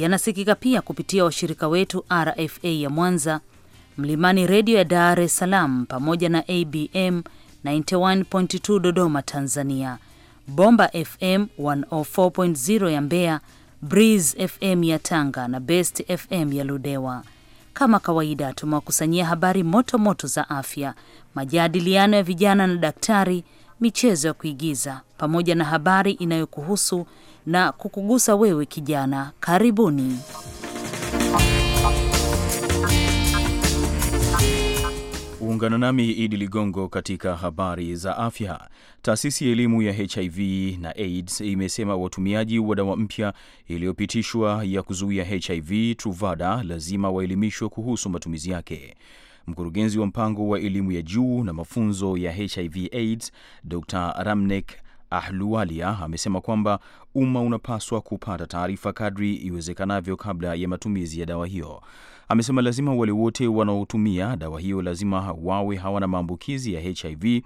yanasikika pia kupitia washirika wetu RFA ya Mwanza, Mlimani Redio ya Dar es Salaam pamoja na ABM 91.2 Dodoma Tanzania, Bomba FM 104.0 ya Mbeya, Breeze FM ya Tanga na Best FM ya Ludewa. Kama kawaida, tumewakusanyia habari moto moto za afya, majadiliano ya vijana na daktari michezo ya kuigiza pamoja na habari inayokuhusu na kukugusa wewe kijana. Karibuni. Ungana nami Idi Ligongo katika habari za afya. Taasisi ya elimu ya HIV na AIDS imesema watumiaji wa dawa mpya iliyopitishwa ya kuzuia HIV Truvada lazima waelimishwe kuhusu matumizi yake. Mkurugenzi wa mpango wa elimu ya juu na mafunzo ya HIV AIDS Dr. Ramnek Ahluwalia amesema kwamba umma unapaswa kupata taarifa kadri iwezekanavyo kabla ya matumizi ya dawa hiyo. Amesema lazima wale wote wanaotumia dawa hiyo lazima wawe hawana maambukizi ya HIV.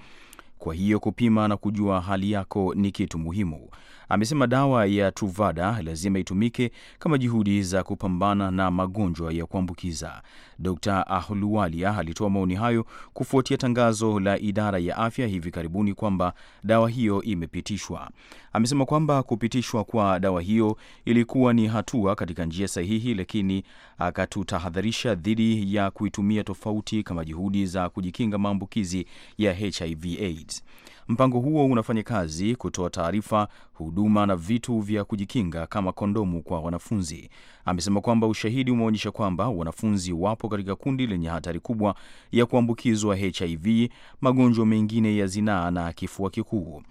Kwa hiyo kupima na kujua hali yako ni kitu muhimu amesema dawa ya Truvada lazima itumike kama juhudi za kupambana na magonjwa ya kuambukiza. Dr Ahluwalia alitoa maoni hayo kufuatia tangazo la idara ya afya hivi karibuni kwamba dawa hiyo imepitishwa. Amesema kwamba kupitishwa kwa dawa hiyo ilikuwa ni hatua katika njia sahihi, lakini akatutahadharisha dhidi ya kuitumia tofauti kama juhudi za kujikinga maambukizi ya HIV AIDS. Mpango huo unafanya kazi kutoa taarifa, huduma na vitu vya kujikinga kama kondomu kwa wanafunzi. Amesema kwamba ushahidi umeonyesha kwamba wanafunzi wapo katika kundi lenye hatari kubwa ya kuambukizwa HIV, magonjwa mengine ya zinaa na kifua kikuu.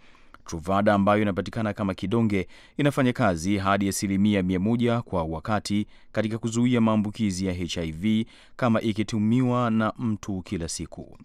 Truvada ambayo inapatikana kama kidonge inafanya kazi hadi asilimia mia moja kwa wakati katika kuzuia maambukizi ya HIV kama ikitumiwa na mtu kila siku.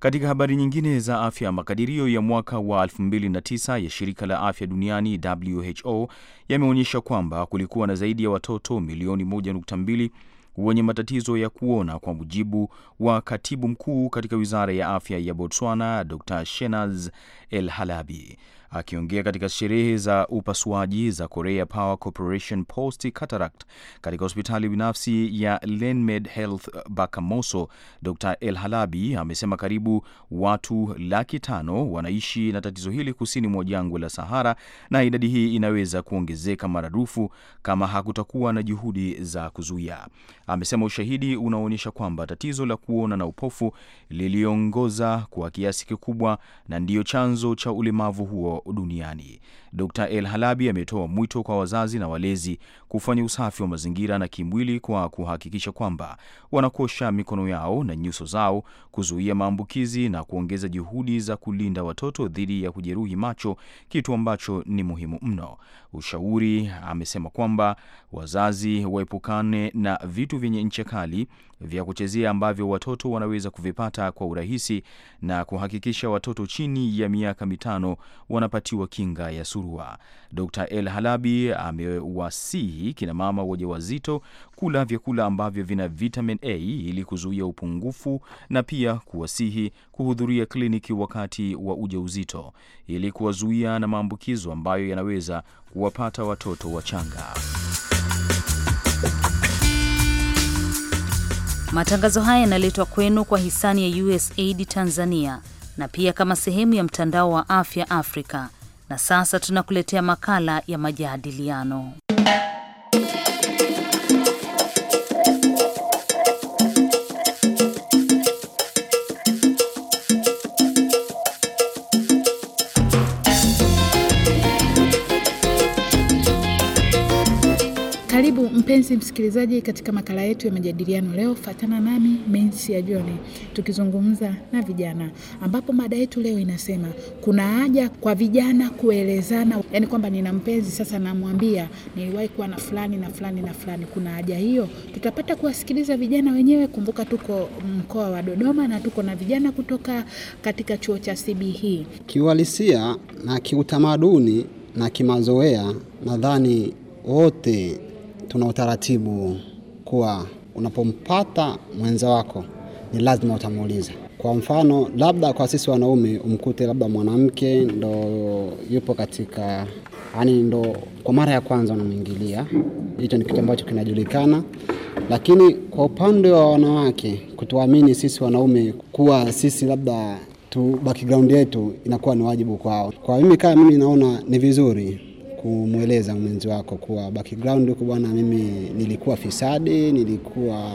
Katika habari nyingine za afya, makadirio ya mwaka wa 2009 ya shirika la afya duniani WHO yameonyesha kwamba kulikuwa na zaidi ya watoto milioni 1.2 wenye matatizo ya kuona, kwa mujibu wa katibu mkuu katika wizara ya afya ya Botswana, Dr Shenaz El Halabi. Akiongea katika sherehe za upasuaji za Korea Power Corporation Post Cataract katika hospitali binafsi ya Lenmed Health Bakamoso, Dr. El Halabi amesema karibu watu laki tano wanaishi na tatizo hili kusini mwa jangwa la Sahara na idadi hii inaweza kuongezeka maradufu kama hakutakuwa na juhudi za kuzuia. Amesema ushahidi unaonyesha kwamba tatizo la kuona na upofu liliongoza kwa kiasi kikubwa na ndiyo chanzo cha ulemavu huo duniani. Dr. El Halabi ametoa mwito kwa wazazi na walezi kufanya usafi wa mazingira na kimwili kwa kuhakikisha kwamba wanakosha mikono yao na nyuso zao, kuzuia maambukizi na kuongeza juhudi za kulinda watoto dhidi ya kujeruhi macho, kitu ambacho ni muhimu mno. Ushauri amesema kwamba wazazi waepukane na vitu vyenye ncha kali vya kuchezea ambavyo watoto wanaweza kuvipata kwa urahisi na kuhakikisha watoto chini ya miaka mitano wanapatiwa kinga ya sura surua. Dr El Halabi amewasihi kinamama wajawazito kula vyakula ambavyo vina vitamin A ili kuzuia upungufu na pia kuwasihi kuhudhuria kliniki wakati wa ujauzito ili kuwazuia na maambukizo ambayo yanaweza kuwapata watoto wachanga. Matangazo haya yanaletwa kwenu kwa hisani ya USAID Tanzania na pia kama sehemu ya mtandao wa afya Afrika na sasa tunakuletea makala ya majadiliano Mpenzi msikilizaji, katika makala yetu ya majadiliano leo, fatana nami Mensi ya Joni tukizungumza na vijana, ambapo mada yetu leo inasema kuna haja kwa vijana kuelezana, yani kwamba nina mpenzi sasa, namwambia niliwahi kuwa na fulani na fulani na fulani, kuna haja hiyo? Tutapata kuwasikiliza vijana wenyewe. Kumbuka tuko mkoa wa Dodoma na tuko na vijana kutoka katika chuo cha CBE. Kiuhalisia na kiutamaduni na kimazoea, nadhani wote tuna utaratibu kuwa unapompata mwenza wako ni lazima utamuuliza. Kwa mfano, labda kwa sisi wanaume umkute labda mwanamke ndo yupo katika yani, ndo kwa mara ya kwanza unamwingilia, hicho ni kitu ambacho kinajulikana. Lakini kwa upande wa wanawake, kutuamini sisi wanaume kuwa sisi labda tu background yetu inakuwa ni wajibu kwao. Kwa mimi kama mimi naona ni vizuri kumweleza mwenzi wako kuwa background huko bwana, mimi nilikuwa fisadi, nilikuwa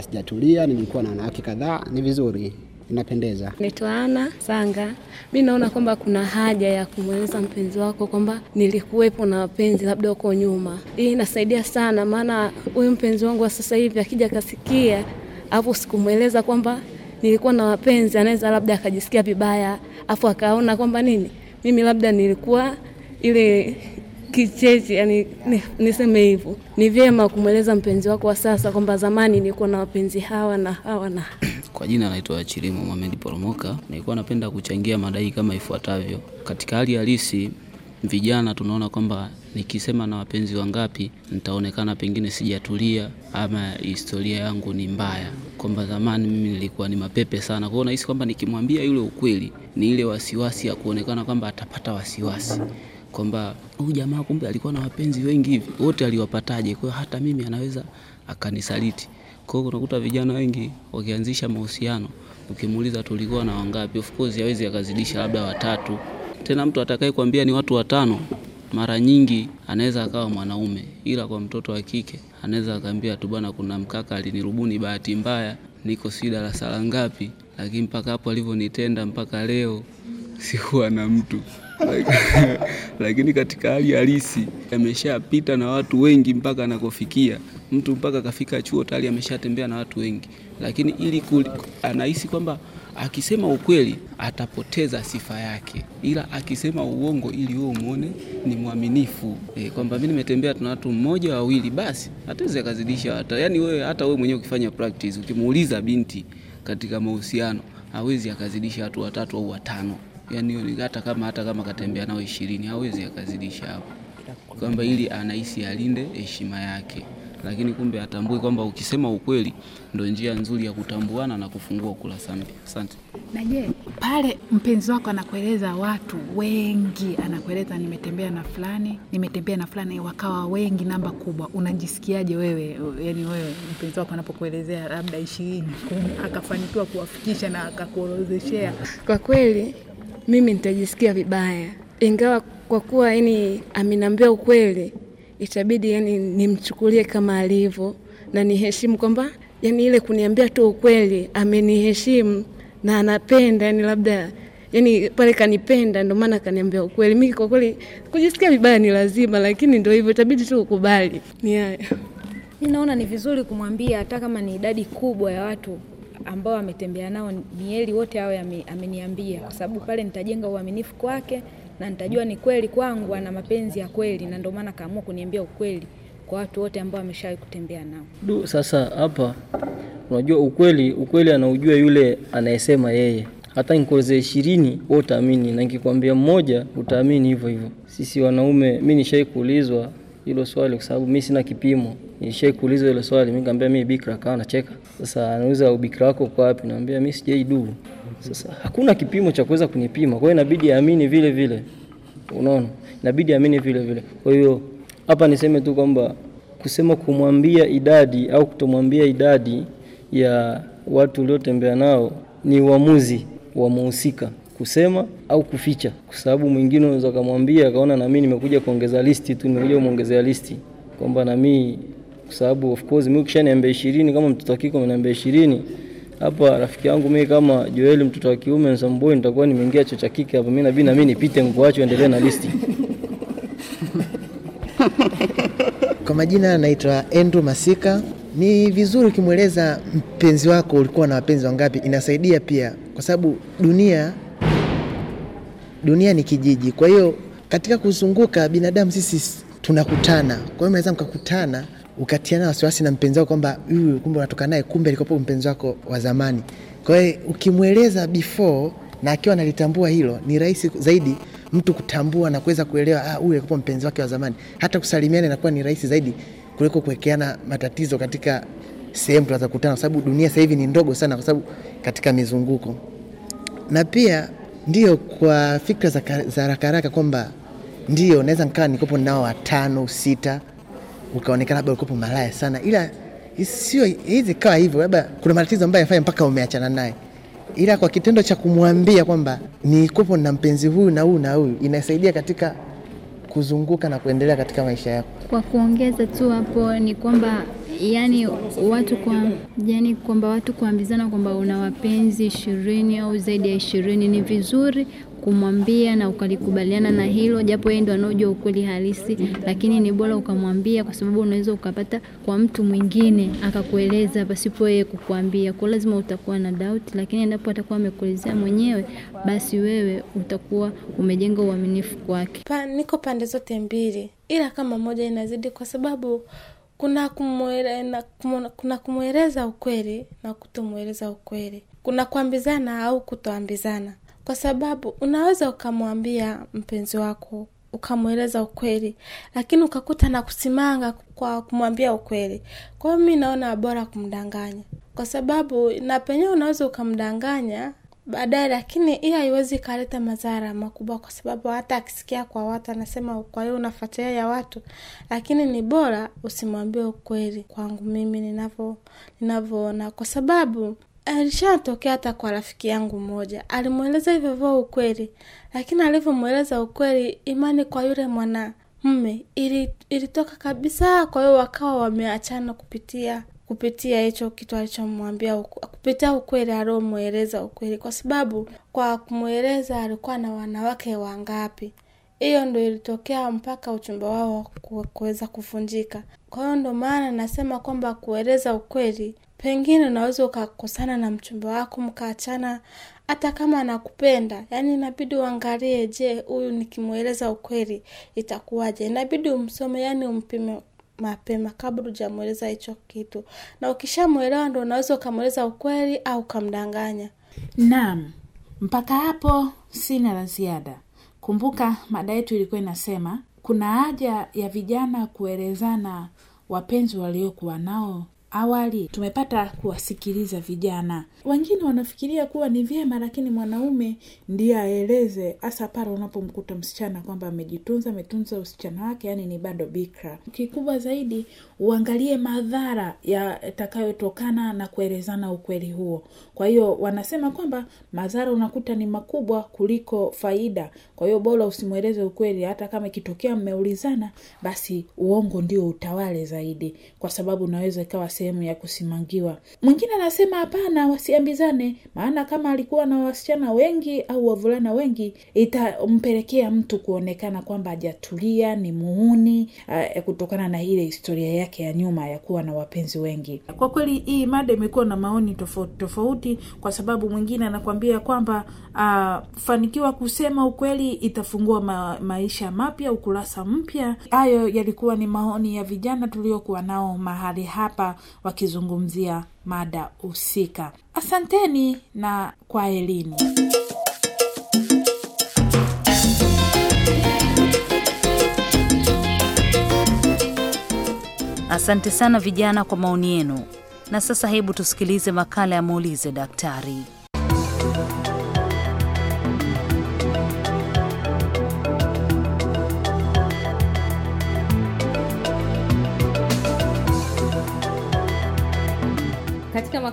sijatulia, nilikuwa na wanawake kadhaa, ni vizuri inapendeza. Naitwa Ana Sanga. Mi naona kwamba kuna haja ya kumweleza mpenzi wako kwamba nilikuwepo na wapenzi labda huko nyuma. Hii inasaidia sana, maana huyu mpenzi wangu wa sasa hivi akija kasikia hapo sikumweleza kwamba nilikuwa na wapenzi, anaweza labda akajisikia vibaya, afu akaona kwamba nini, mimi labda nilikuwa ile kicheche, yani niseme hivyo. Ni vyema kumweleza mpenzi wako wa sasa kwamba zamani nilikuwa na wapenzi hawa na hawa na kwa jina naitwa Chilimo Mohamed Poromoka. Nilikuwa napenda kuchangia madai kama ifuatavyo. Katika hali halisi, vijana tunaona kwamba nikisema na wapenzi wangapi nitaonekana pengine sijatulia ama historia yangu ni mbaya, kwamba zamani mimi nilikuwa ni mapepe sana. Kwa hiyo nahisi kwamba nikimwambia yule ukweli, ni ile wasiwasi ya kuonekana kwamba atapata wasiwasi kwamba huyu jamaa kumbe alikuwa na wapenzi wengi hivi, wote aliwapataje? Kwa hiyo hata mimi anaweza akanisaliti. Kwa hiyo unakuta vijana wengi wakianzisha mahusiano, ukimuuliza tulikuwa na wangapi, of course hawezi akazidisha labda watatu. Tena mtu atakaye kuambia ni watu watano, mara nyingi anaweza akawa mwanaume, ila kwa mtoto wa kike anaweza akaambia tu bwana, kuna mkaka alinirubuni bahati mbaya, niko si darasa la ngapi, lakini mpaka hapo alivyonitenda mpaka leo sikuwa na mtu lakini katika hali halisi ameshapita na watu wengi mpaka anakofikia mtu, mpaka akafika chuo tayari ameshatembea na watu wengi, lakini ili anahisi kwamba akisema ukweli atapoteza sifa yake, ila akisema uongo ili wewe umwone ni mwaminifu e, kwamba mimi nimetembea tuna watu mmoja wawili, basi ataweza akazidisha hata yani wewe, hata wewe mwenyewe ukifanya practice, ukimuuliza binti katika mahusiano hawezi akazidisha watu watatu au watano yani hata kama hata kama katembea nao ishirini hawezi akazidisha hapo, kwamba ili anahisi alinde heshima yake, lakini kumbe atambue kwamba ukisema ukweli ndo njia nzuri ya kutambuana na kufungua ukurasa mpya. Asante. Na je, pale mpenzi wako anakueleza watu wengi, anakueleza nimetembea na fulani, nimetembea na fulani, wakawa wengi, namba kubwa, unajisikiaje wewe? Yani wewe mpenzi wako anapokuelezea labda ishirini, akafanikiwa kuwafikisha na akakuorozeshea, kwa kweli mimi nitajisikia vibaya, ingawa kwa kuwa yani ameniambia ukweli, itabidi yani nimchukulie kama alivyo na niheshimu kwamba yani ile kuniambia tu ukweli, ameniheshimu na anapenda yani labda yani pale kanipenda, ndio maana kaniambia ukweli. Mimi kwa kweli kujisikia vibaya ni lazima, lakini ndio hivyo, itabidi tu ukubali. Ni haya, mi naona ni vizuri kumwambia, hata kama ni idadi kubwa ya watu ambao ametembea nao ni wote hao ameniambia, kwa sababu pale nitajenga uaminifu kwake na nitajua ni kweli kwangu ana mapenzi ya kweli, na ndio maana kaamua kuniambia ukweli kwa watu wote ambao ameshawahi kutembea nao. Du, sasa hapa unajua ukweli, ukweli anaujua yule anayesema yeye. Hata nikuelezee ishirini wewe utaamini, na nikikwambia mmoja utaamini hivyo hivyo. Sisi wanaume, mimi nishaikuulizwa hilo swali, kwa sababu mimi sina kipimo. nishaikuuliza kuulizwa hilo swali, mimi kaambia mimi bikra, kawa nacheka. Sasa anauliza ubikra wako kwa wapi? Naambia mimi duu Sasa hakuna kipimo cha kuweza kunipima, kwa hiyo inabidi aamini vile vile, unaona, inabidi aamini vile vile. Kwa hiyo hapa niseme tu kwamba kusema kumwambia idadi au kutomwambia idadi ya watu uliotembea nao ni uamuzi wa muhusika kusema au kuficha, kwa sababu mwingine unaweza kumwambia akaona, na mimi nimekuja kuongeza listi tu, nimekuja kumwongezea listi kwamba na mimi, kwa sababu of course mimi ukishaniambia 20 kama mtoto wa kike ameniambia 20 hapa rafiki yangu mimi kama Joel mtoto wa kiume na Nsamboi nitakuwa nimeingia chuo cha kike hapa mimi na bina mimi nipite mkoacho endelee na listi. Kwa majina anaitwa Andrew Masika. Ni vizuri ukimweleza mpenzi wako ulikuwa na wapenzi wangapi, inasaidia pia kwa sababu dunia dunia ni kijiji. Kwa hiyo katika kuzunguka binadamu sisi tunakutana, kwa hiyo mnaweza mkakutana ukatiana wasiwasi na mpenzi wako kwamba huyu kumbe unatoka naye, kumbe alikuwa mpenzi wako wa zamani. Kwa hiyo ukimweleza before na akiwa analitambua hilo, ni rahisi zaidi mtu kutambua na kuweza kuelewa, ah, huyu alikuwa mpenzi wake wa zamani. Hata kusalimiana inakuwa ni rahisi zaidi kuliko kuwekeana matatizo katika sehemu kukutana, kwa sababu dunia sasa hivi ni ndogo sana, kwa sababu katika mizunguko na pia ndio, kwa fikra za haraka haraka kwamba ndio naweza nikawa nikopo nao watano sita, ukaonekana labda ulikopo malaya sana, ila sio hizi kawa hivyo, labda kuna matatizo ambayo yafanya mpaka umeachana naye, ila kwa kitendo cha kumwambia kwamba nikopo na mpenzi huyu na huyu na huyu inasaidia katika kuzunguka na kuendelea katika maisha yako. Kwa kuongeza tu hapo ni kwamba yani watu kwa yani kwamba watu kuambizana kwamba una wapenzi ishirini au zaidi ya ishirini ni vizuri, kumwambia na ukalikubaliana na hilo, japo yeye ndo anaojua ukweli halisi, lakini ni bora ukamwambia, kwa sababu unaweza ukapata kwa mtu mwingine akakueleza pasipo yeye kukuambia. Kwa lazima utakuwa na doubt, lakini endapo atakuwa amekuelezea mwenyewe, basi wewe utakuwa umejenga uaminifu kwake. Pa, niko pande zote mbili, ila kama moja inazidi, kwa sababu kuna kumweleza kuna kumweleza ukweli na kutomweleza ukweli, kuna kuambizana au kutoambizana kwa sababu unaweza ukamwambia mpenzi wako ukamweleza ukweli lakini ukakuta na kusimanga kwa kumwambia ukweli kwa hiyo mi naona bora kumdanganya kwa sababu na penyewe unaweza ukamdanganya baadaye lakini hii haiwezi ikaleta madhara makubwa kwa sababu hata akisikia kwa watu anasema kwa hiyo unafuatilia ya watu lakini ni bora usimwambie ukweli kwangu mimi ninavyoona kwa sababu Alishatokea hata kwa rafiki yangu mmoja, alimweleza hivyo vyo ukweli, lakini alivyomweleza ukweli, imani kwa yule mwana mme ili, ilitoka kabisa. Kwa hiyo wakawa wameachana kupitia kupitia hicho kitu alichomwambia, kupitia ukweli aliomweleza ukweli, kwa sababu kwa kumweleza alikuwa na wanawake wangapi. Hiyo ndo ilitokea mpaka uchumba wao kuweza kufunjika Kwa hiyo ndo maana nasema kwamba kueleza ukweli pengine unaweza ukakosana na mchumba wako mkaachana hata kama anakupenda yaani inabidi uangalie je huyu nikimweleza ukweli itakuwaje inabidi umsome yaani umpime mapema kabla ujamweleza hicho kitu na ukishamwelewa ndo unaweza ukamweleza ukweli au ukamdanganya naam mpaka hapo sina la ziada kumbuka mada yetu ilikuwa inasema kuna haja ya vijana kuelezana wapenzi waliokuwa nao Awali tumepata kuwasikiliza vijana wengine, wanafikiria kuwa ni vyema, lakini mwanaume ndiye aeleze, hasa pale unapomkuta msichana kwamba amejitunza, ametunza usichana wake, yani ni bado bikra. Kikubwa zaidi uangalie madhara yatakayotokana na kuelezana ukweli huo. Kwa hiyo wanasema kwamba madhara unakuta ni makubwa kuliko faida. Kwa hiyo bora usimweleze ukweli, hata kama ikitokea mmeulizana, basi uongo ndio utawale zaidi, kwa sababu unaweza ikawa sehemu ya kusimangiwa. Mwingine anasema hapana, wasiambizane, maana kama alikuwa na wasichana wengi au wavulana wengi itampelekea mtu kuonekana kwamba ajatulia ni muuni uh, eh, kutokana na ile historia yake ya nyuma ya kuwa na wapenzi wengi. Kwa kweli hii mada imekuwa na maoni tofauti tofauti, kwa sababu mwingine anakwambia kwamba uh, ah, fanikiwa kusema ukweli itafungua ma maisha mapya, ukurasa mpya. Hayo yalikuwa ni maoni ya vijana tuliokuwa nao mahali hapa wakizungumzia mada husika. Asanteni na kwa elini Asante sana vijana kwa maoni yenu. Na sasa hebu tusikilize makala ya muulize daktari.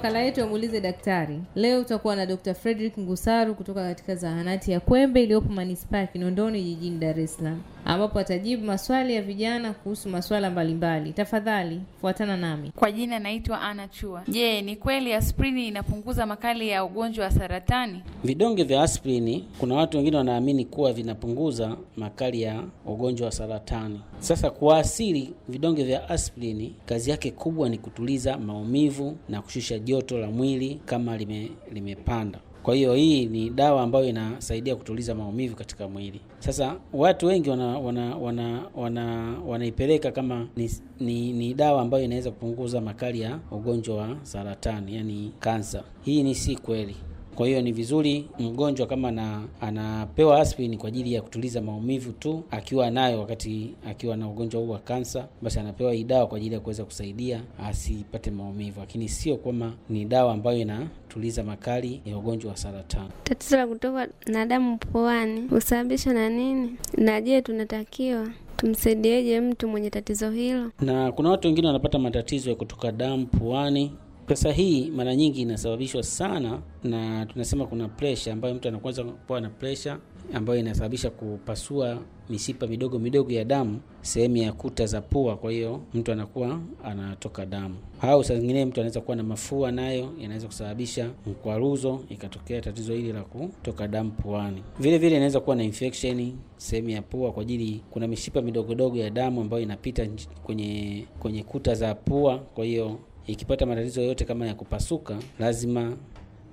makala yetu ya muulize daktari leo utakuwa na Dr. Frederick Ngusaru kutoka katika zahanati ya Kwembe iliyopo manispaa ya Kinondoni jijini Dar es Salaam, ambapo atajibu maswali ya vijana kuhusu masuala mbalimbali. Tafadhali fuatana nami. Kwa jina naitwa Ana Chua. Je, ni kweli asprini inapunguza makali ya ugonjwa wa saratani? Vidonge vya asprini kuna watu wengine wanaamini kuwa vinapunguza makali ya ugonjwa wa saratani. Sasa kwa asili vidonge vya asprini kazi yake kubwa ni kutuliza maumivu na kushusha joto la mwili kama lime, limepanda. Kwa hiyo hii ni dawa ambayo inasaidia kutuliza maumivu katika mwili. Sasa watu wengi wanaipeleka wana, wana, wana kama ni, ni, ni dawa ambayo inaweza kupunguza makali ya ugonjwa wa saratani, yani kansa. Hii ni si kweli. Kwa hiyo ni vizuri mgonjwa kama na, anapewa aspirin kwa ajili ya kutuliza maumivu tu akiwa nayo, wakati akiwa na ugonjwa huu wa kansa, basi anapewa hii dawa kwa ajili ya kuweza kusaidia asipate maumivu, lakini sio kwama ni dawa ambayo inatuliza makali ya ugonjwa wa saratani. Tatizo la kutoka na damu puani husababishwa na nini, na je, tunatakiwa tumsaidieje mtu mwenye tatizo hilo? Na kuna watu wengine wanapata matatizo ya kutoka damu puani Pressure hii mara nyingi inasababishwa sana na tunasema kuna pressure ambayo mtu anakuanza kuwa na pressure ambayo inasababisha kupasua mishipa midogo midogo ya damu sehemu ya kuta za pua, kwa hiyo mtu anakuwa anatoka damu. Au saa zingine mtu anaweza kuwa na mafua, nayo yanaweza kusababisha mkwaruzo, ikatokea tatizo hili la kutoka damu puani. Vile vile inaweza kuwa na infection sehemu ya pua, kwa ajili kuna mishipa midogodogo ya damu ambayo inapita kwenye kwenye kuta za pua, kwa hiyo ikipata matatizo yoyote kama ya kupasuka, lazima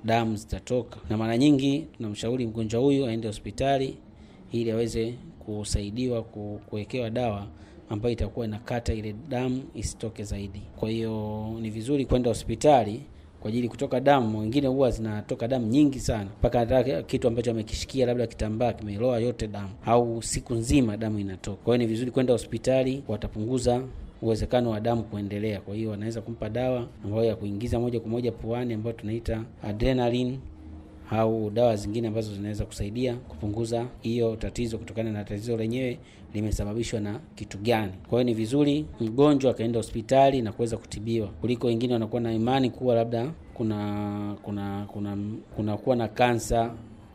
damu zitatoka, na mara nyingi tunamshauri mgonjwa huyu aende hospitali ili aweze kusaidiwa kuwekewa dawa ambayo itakuwa inakata ile damu isitoke zaidi. Kwa hiyo ni vizuri kwenda hospitali kwa ajili kutoka damu. Wengine huwa zinatoka damu nyingi sana, mpaka hata kitu ambacho amekishikia labda kitambaa kimeloa yote damu, au siku nzima damu inatoka. Kwa hiyo ni vizuri kwenda hospitali, watapunguza uwezekano wa damu kuendelea. Kwa hiyo wanaweza kumpa dawa ambayo ya kuingiza moja kwa moja puani ambayo tunaita adrenaline au dawa zingine ambazo zinaweza kusaidia kupunguza hiyo tatizo, kutokana na tatizo lenyewe limesababishwa na kitu gani. Kwa hiyo ni vizuri mgonjwa akaenda hospitali na kuweza kutibiwa kuliko wengine wanakuwa na imani kuwa labda kuna kuna kuna kunakuwa na kansa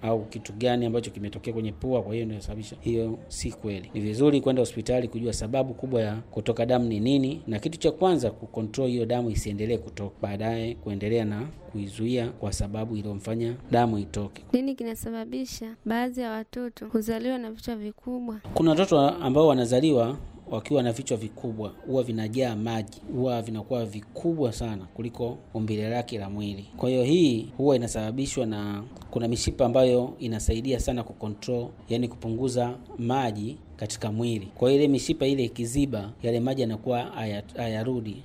au kitu gani ambacho kimetokea kwenye pua, kwa hiyo inasababisha. Hiyo si kweli. Ni vizuri kwenda hospitali kujua sababu kubwa ya kutoka damu ni nini, na kitu cha kwanza kukontrol hiyo damu isiendelee kutoka, baadaye kuendelea na kuizuia kwa sababu iliyomfanya damu itoke. Nini kinasababisha baadhi ya watoto kuzaliwa na vichwa vikubwa? Kuna watoto ambao wanazaliwa wakiwa na vichwa vikubwa huwa vinajaa maji, huwa vinakuwa vikubwa sana kuliko umbile lake la mwili. Kwa hiyo hii huwa inasababishwa na kuna mishipa ambayo inasaidia sana kukontrol, yani kupunguza maji katika mwili. Kwa ile mishipa ile ikiziba, yale maji yanakuwa hayarudi,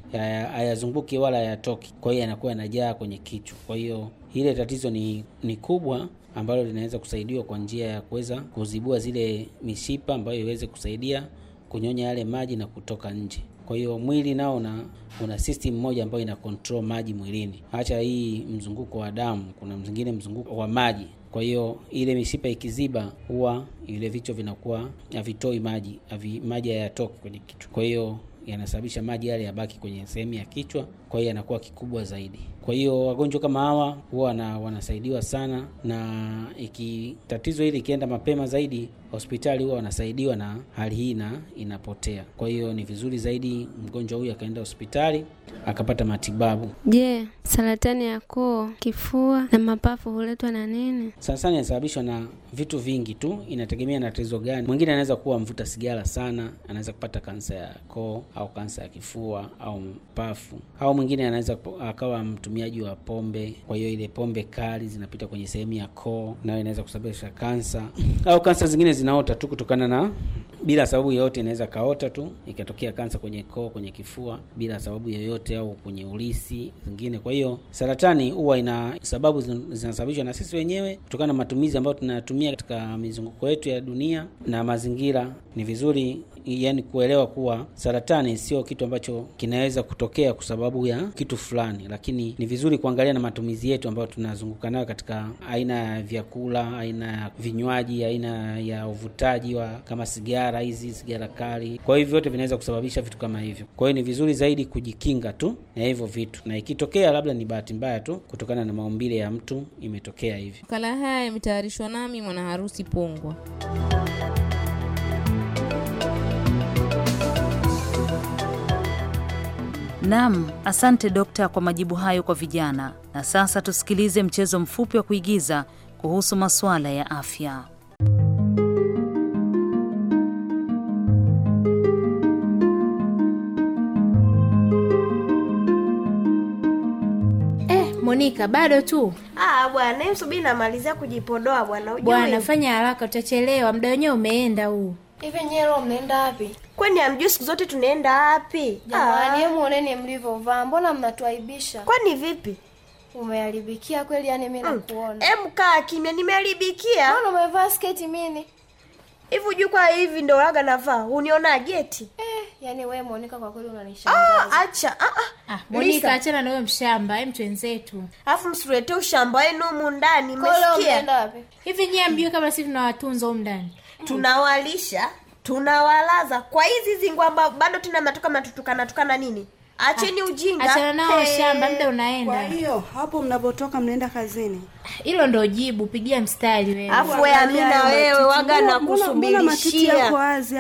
hayazunguki wala hayatoki, kwa hiyo yanakuwa yanajaa kwenye kichwa. Kwa hiyo ile tatizo ni, ni kubwa ambalo linaweza kusaidiwa kwa njia ya kuweza kuzibua zile mishipa ambayo iweze kusaidia kunyonya yale maji na kutoka nje. Kwa hiyo mwili nao una, una system moja ambayo ina control maji mwilini. Acha hii mzunguko wa damu, kuna mzingine mzunguko wa maji. Kwa hiyo ile mishipa ikiziba, huwa ile vichwa vinakuwa havitoi maji, maji hayatoki kwenye kichwa, kwa hiyo yanasababisha maji yale yabaki kwenye sehemu ya kichwa kwa hiyo anakuwa kikubwa zaidi. Kwa hiyo wagonjwa kama hawa huwa na, wanasaidiwa sana na iki, tatizo hili ikienda mapema zaidi hospitali huwa wanasaidiwa na hali hii na inapotea. Kwa hiyo ni vizuri zaidi mgonjwa huyu akaenda hospitali akapata matibabu. Je, yeah, saratani ya koo, kifua na mapafu huletwa na nini? Saratani inasababishwa na vitu vingi tu, inategemea na tatizo gani. Mwingine anaweza kuwa mvuta sigara sana, anaweza kupata kansa ya koo au kansa ya kifua au mpafu au mwingine anaweza akawa mtumiaji wa pombe, kwa hiyo ile pombe kali zinapita kwenye sehemu ya koo, nayo inaweza kusababisha kansa au kansa zingine zinaota tu kutokana na bila sababu yoyote. Inaweza kaota tu ikatokea kansa kwenye koo, kwenye kifua bila sababu yoyote, au kwenye ulisi zingine. Kwa hiyo saratani huwa ina sababu zinasababishwa na sisi wenyewe kutokana na matumizi ambayo tunayatumia katika mizunguko yetu ya dunia na mazingira. Ni vizuri yani kuelewa kuwa saratani sio kitu ambacho kinaweza kutokea kwa sababu ya kitu fulani, lakini ni vizuri kuangalia na matumizi yetu ambayo tunazunguka nayo katika aina ya vyakula, aina ya vinywaji, aina ya uvutaji wa kama sigara sigara hizi, sigara kali. Kwa hivyo vyote vinaweza kusababisha vitu kama hivyo. Kwa hiyo ni vizuri zaidi kujikinga tu na hivyo vitu, na ikitokea labda ni bahati mbaya tu kutokana na maumbile ya mtu imetokea hivyo. Makala haya yametayarishwa nami mwana harusi Pongwa. Naam, asante dokta kwa majibu hayo kwa vijana. Na sasa tusikilize mchezo mfupi wa kuigiza kuhusu masuala ya afya. Mika bado tu? Ah bwana, hebu subiri namalizia kujipodoa bwana. bwana, fanya haraka, utachelewa, muda wenyewe umeenda huu. Hivi nyewe leo mnaenda wapi? Kwani amjui siku zote tunaenda wapi? Jamani, ah. hebu mlivyovaa, mbona mnatuaibisha? Kwani vipi? Umeharibikia kweli, yani mimi mm. nakuona. Hebu kaa kimya, nimeharibikia? Mbona umevaa sketi mimi? Hivi juu kwa hivi ndo raga navaa, unionaa geti Eh yani wewe Monica kwa kweli unanishangaza. Ah, acha. Ah, ah. ah Monica achana na wewe mshamba, hem twenzetu. Alafu msiletee ushamba wenu humu ndani, Hivi nyie mbio kama sisi tunawatunza humu ndani. Tunawalisha, tunawalaza. Kwa hizi hizi ngwamba bado tuna matoka matutukana tukana nini? acheni ujinga, achana nao hey. shamba, mda unaenda. Kwa hiyo hapo mnapotoka mnaenda kazini, hilo ndo jibu. Pigia mstari wewe, afu wewe Amina, wewe waga na kusubirishia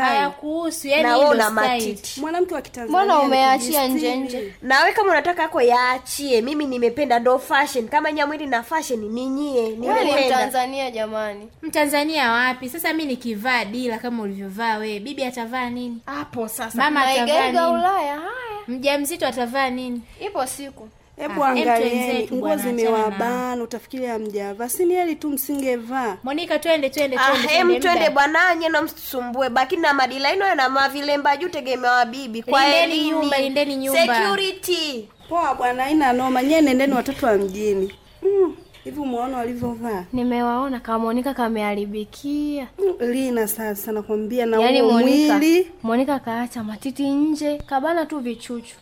hayakuhusu, yani na wewe Mwanamke wa Kitanzania, mbona umeachia nje nje? Na wewe kama unataka yako yaachie. Mimi nimependa ndo fashion, kama nyamwili na fashion ni nyie, nimependa. Mtanzania jamani, Mtanzania wapi? Sasa mimi nikivaa dila kama ulivyovaa wewe, bibi atavaa nini hapo? Sasa mama atavaa nini? Ulaya haya mjamzito mzito atavaa nini? Ipo siku Hebu ah, angalieni nguo zimewabana, utafikiri amjava Si ni heli tu msingevaa. monika twende twende twende. Ah, twende bwana, na msumbue Baki na madilaino na mavilemba juu, tegemewa bibi. Kwa nyumba, nyumba. Security. Poa bwana, ina noma. Nyie nendeni watoto wa mjini. Mm. Hivi umeona walivyovaa? Nimewaona kama Monica kameharibikia. Mm, lina sasa nakwambia na yani mwili. monika kaacha matiti nje, kabana tu vichuchu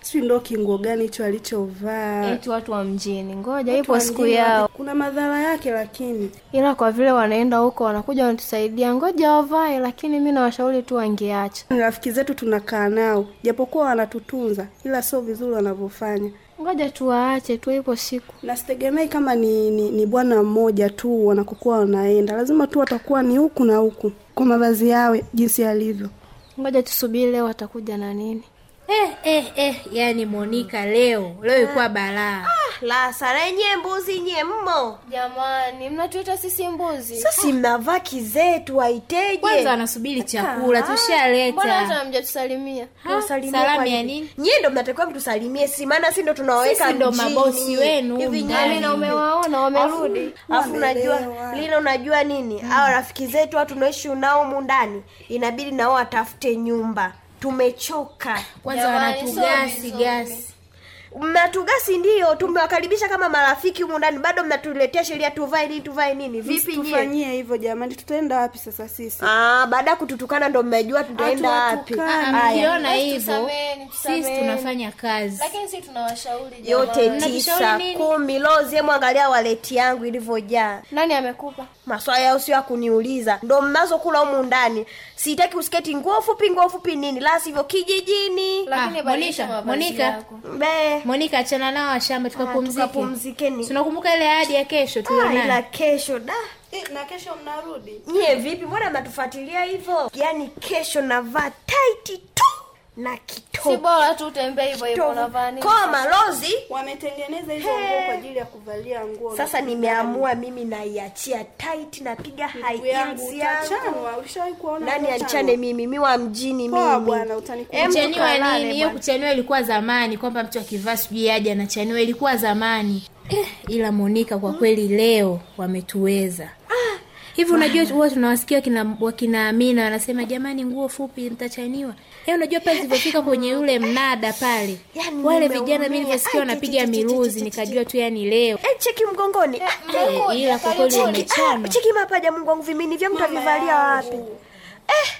si ndo kinguo gani hicho alichovaa? Eti yaani watu wa mjini, ngoja ipo siku yao, kuna madhara yake, lakini ila kwa vile wanaenda huko wanakuja wanatusaidia, ngoja wavae. Lakini mi nawashauri tu wangeacha. Ni rafiki zetu tunakaa nao, japokuwa wanatutunza, ila sio vizuri wanavyofanya. Ngoja tuwaache tu, ipo siku. Nasitegemei kama ni, ni, ni bwana mmoja tu wanakokuwa wanaenda, lazima tu watakuwa ni huku na huku, kwa mavazi yao jinsi yalivyo. Ngoja tusubiri leo watakuja na nini. Eh, eh, eh, yani monika leo leo ilikuwa ah. balaa. Ah, la sare nye mbuzi nye mmo. Jamani, mnatuita sisi mbuzi. Sisi mnavaa kizetu waiteje? Kwanza anasubiri chakula tushaleta. Mbona hata hamjatusalimia? Tusalimia salamu nini? Nyie ndo mnatakiwa mtusalimie, si maana sisi ndo tunawaweka ndo mabosi wenu. Hivi nyinyi na umewaona wamerudi. Alafu unajua lile unajua nini? Mm. Hao rafiki zetu watu tunaishi nao mundani, inabidi nao watafute nyumba tumechoka kwanza, wanatugasi gasi Mnatugasi ndio, tumewakaribisha kama marafiki humu ndani, bado mnatuletea sheria tuvae nini tuvae nini. Vipi nyie? Tufanyie hivyo jamani, tutaenda wapi sasa sisi? Ah, baada ya kututukana ndo mmejua tutaenda wapi. Mkiona hivyo sisi tunafanya kazi, lakini sisi tunawashauri yote tisa kumi. Lozi, hemu angalia waleti yangu ilivyojaa. Nani amekupa maswali yao? Sio ya kuniuliza, ndo mnazokula humu ndani. Sitaki usketi nguo fupi, nguo fupi nini, la hivyo kijijini. Lakini ah, badilisha Monika be monika achana nao washamba tukapumzike. Tunakumbuka ile ahadi ya kesho tulionayo. Ah, Ila kesho da. Eh, na kesho mnarudi. Nyie vipi? Mbona mnatufuatilia hivyo? Yaani kesho navaa tight tu na kitoko. Si bora tu utembee hivyo hivyo unavani. Kwa malozi wametengeneza hizo nguo kwa ajili ya kuvalia nguo. Sasa nimeamua mimi naiachia tight napiga high heels yangu. Ushawahi kuona nani alichane mimi? Mimi wa mjini mimi. Poa bwana utanikuta. Kuchaniwa nini? Hiyo kuchaniwa ilikuwa zamani kwamba mtu akivaa sijui aje anachaniwa ilikuwa zamani. Eh, ila monika kwa mm. kweli leo wametuweza ah, hivi unajua, huwa tunawasikia wakina Amina wanasema, jamani, nguo fupi mtachaniwa. Yaani unajua pale zilipofika kwenye yule mnada pale. Yani wale vijana mimi nilivyosikia wanapiga miruzi nikajua tu yani leo. Eh, cheki mgongoni. Ila kwa kweli umechana. Ah, cheki mapaja Mungu wangu vimini vyangu tavivalia wapi? Eh,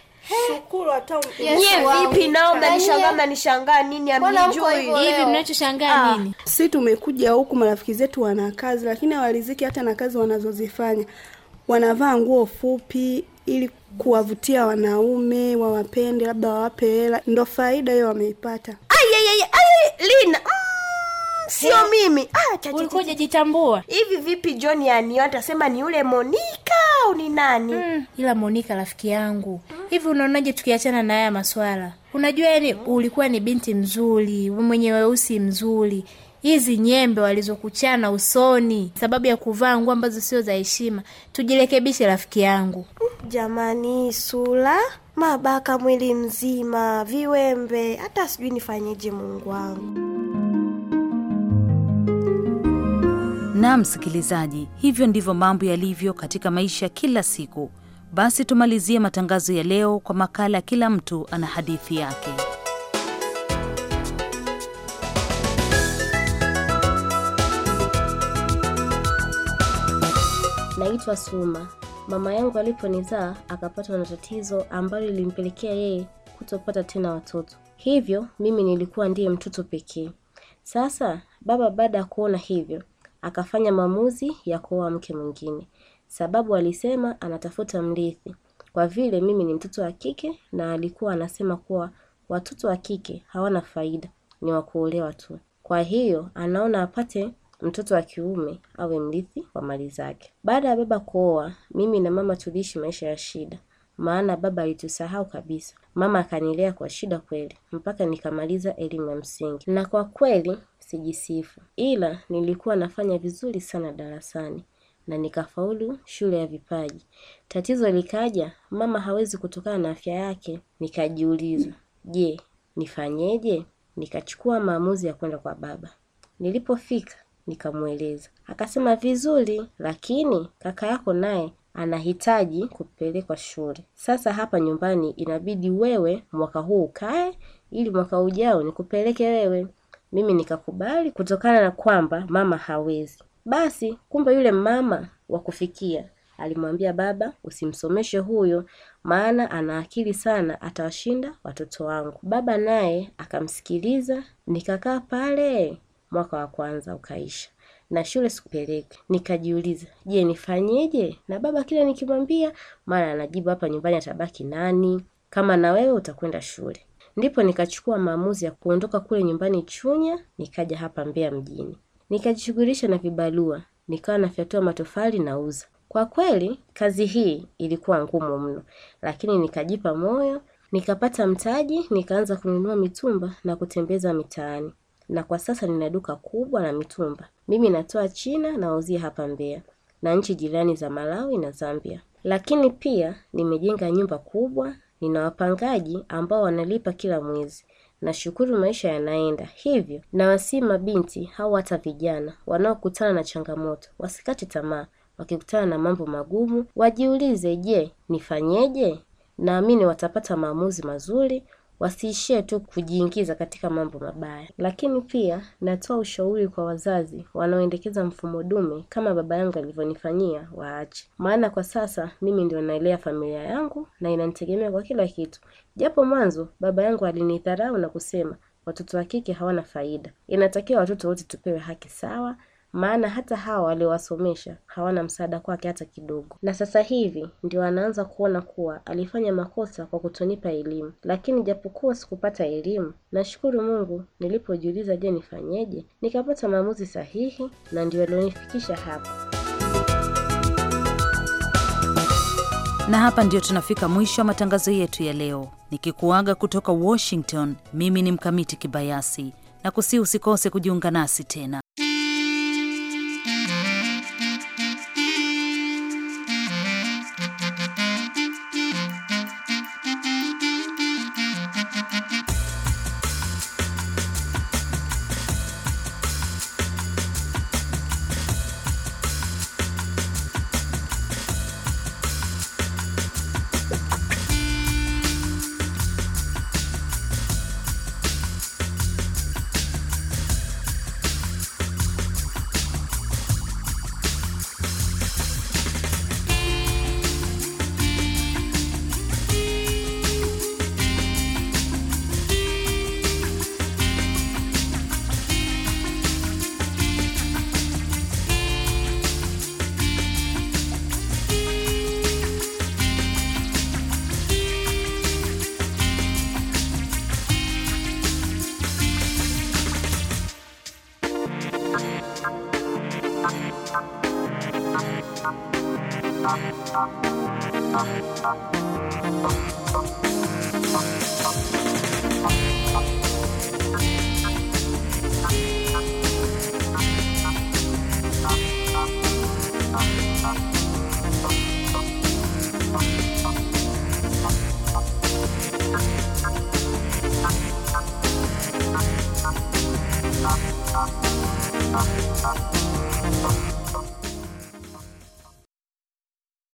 Shukuru hata nyewe vipi nao mnanishangaa mnanishangaa nini amnijui hivi mnachoshangaa ah. nini? Si tumekuja huku marafiki zetu wana kazi lakini hawaliziki hata na kazi wanazozifanya. Wanavaa nguo fupi ili kuwavutia wanaume wawapende, labda wawape hela, ndo faida hiyo wameipata. Lina ah, sio mimi. Ah, ulikuja jitambua hivi vipi? John anio atasema ni yule Monika au ni nani? Mm, ila Monika rafiki yangu mm. Hivi unaonaje tukiachana na haya maswala? Unajua yani mm. Ulikuwa ni binti mzuri mwenye weusi mzuri hizi nyembe walizokuchana usoni sababu ya kuvaa nguo ambazo sio za heshima, tujirekebishe rafiki yangu. Jamani, sula mabaka, mwili mzima, viwembe, hata sijui nifanyeje. Mungu wangu. Na msikilizaji, hivyo ndivyo mambo yalivyo katika maisha kila siku. Basi tumalizie matangazo ya leo kwa makala Kila mtu ana hadithi yake. Naitwa Suma. Mama yangu aliponizaa akapatwa na tatizo ambalo lilimpelekea yeye kutopata tena watoto, hivyo mimi nilikuwa ndiye mtoto pekee. Sasa baba baada ya kuona hivyo akafanya maamuzi ya kuoa mke mwingine, sababu alisema anatafuta mrithi, kwa vile mimi ni mtoto wa kike, na alikuwa anasema kuwa watoto wa kike hawana faida, ni wa kuolewa tu. Kwa hiyo anaona apate mtoto wa kiume awe mrithi wa mali zake. Baada ya baba kuoa, mimi na mama tuliishi maisha ya shida, maana baba alitusahau kabisa. Mama akanilea kwa shida kweli, mpaka nikamaliza elimu ya msingi, na kwa kweli sijisifu, ila nilikuwa nafanya vizuri sana darasani na nikafaulu shule ya vipaji. Tatizo likaja, mama hawezi kutokana na afya yake. Nikajiuliza, je, nifanyeje? Nikachukua maamuzi ya kwenda kwa baba. Nilipofika Nikamweleza akasema vizuri, lakini kaka yako naye anahitaji kupelekwa shule. Sasa hapa nyumbani inabidi wewe mwaka huu ukae, ili mwaka ujao nikupeleke wewe. Mimi nikakubali kutokana na kwamba mama hawezi. Basi kumbe yule mama wa kufikia alimwambia baba, usimsomeshe huyo, maana ana akili sana, atawashinda watoto wangu. Baba naye akamsikiliza, nikakaa pale mwaka wa kwanza ukaisha na shule sikupeleke Nikajiuliza, je, nifanyeje? Na baba kila nikimwambia, mara anajibu hapa nyumbani atabaki nani kama na wewe utakwenda shule. Ndipo nikachukua maamuzi ya kuondoka kule nyumbani Chunya, nikaja hapa Mbeya mjini, nikajishughulisha na vibarua, nikawa nafyatua matofali na uza Kwa kweli kazi hii ilikuwa ngumu mno, lakini nikajipa moyo, nikapata mtaji, nikaanza kununua mitumba na kutembeza mitaani na kwa sasa nina duka kubwa la mitumba. Mimi natoa China nawauzia hapa Mbeya na nchi jirani za Malawi na Zambia, lakini pia nimejenga nyumba kubwa, nina wapangaji ambao wanalipa kila mwezi. Nashukuru maisha yanaenda hivyo, na mabinti au hata vijana wanaokutana na changamoto wasikate tamaa. Wakikutana na mambo magumu wajiulize, je, nifanyeje? Naamini watapata maamuzi mazuri wasiishie tu kujiingiza katika mambo mabaya. Lakini pia natoa ushauri kwa wazazi wanaoendekeza mfumo dume kama baba yangu alivyonifanyia, waache. Maana kwa sasa mimi ndio naelea familia yangu na inanitegemea kwa kila kitu, japo mwanzo baba yangu alinidharau na kusema watoto wa kike hawana faida. Inatakiwa watoto wote tupewe haki sawa maana hata hawa waliowasomesha hawana msaada kwake hata kidogo. Na sasa hivi ndio anaanza kuona kuwa alifanya makosa kwa kutonipa elimu. Lakini japokuwa sikupata elimu, nashukuru Mungu nilipojiuliza, je, nifanyeje? Nikapata maamuzi sahihi na ndio alionifikisha hapa. Na hapa ndio tunafika mwisho wa matangazo yetu ya leo, nikikuaga kutoka Washington. Mimi ni Mkamiti Kibayasi na kusi, usikose kujiunga nasi tena.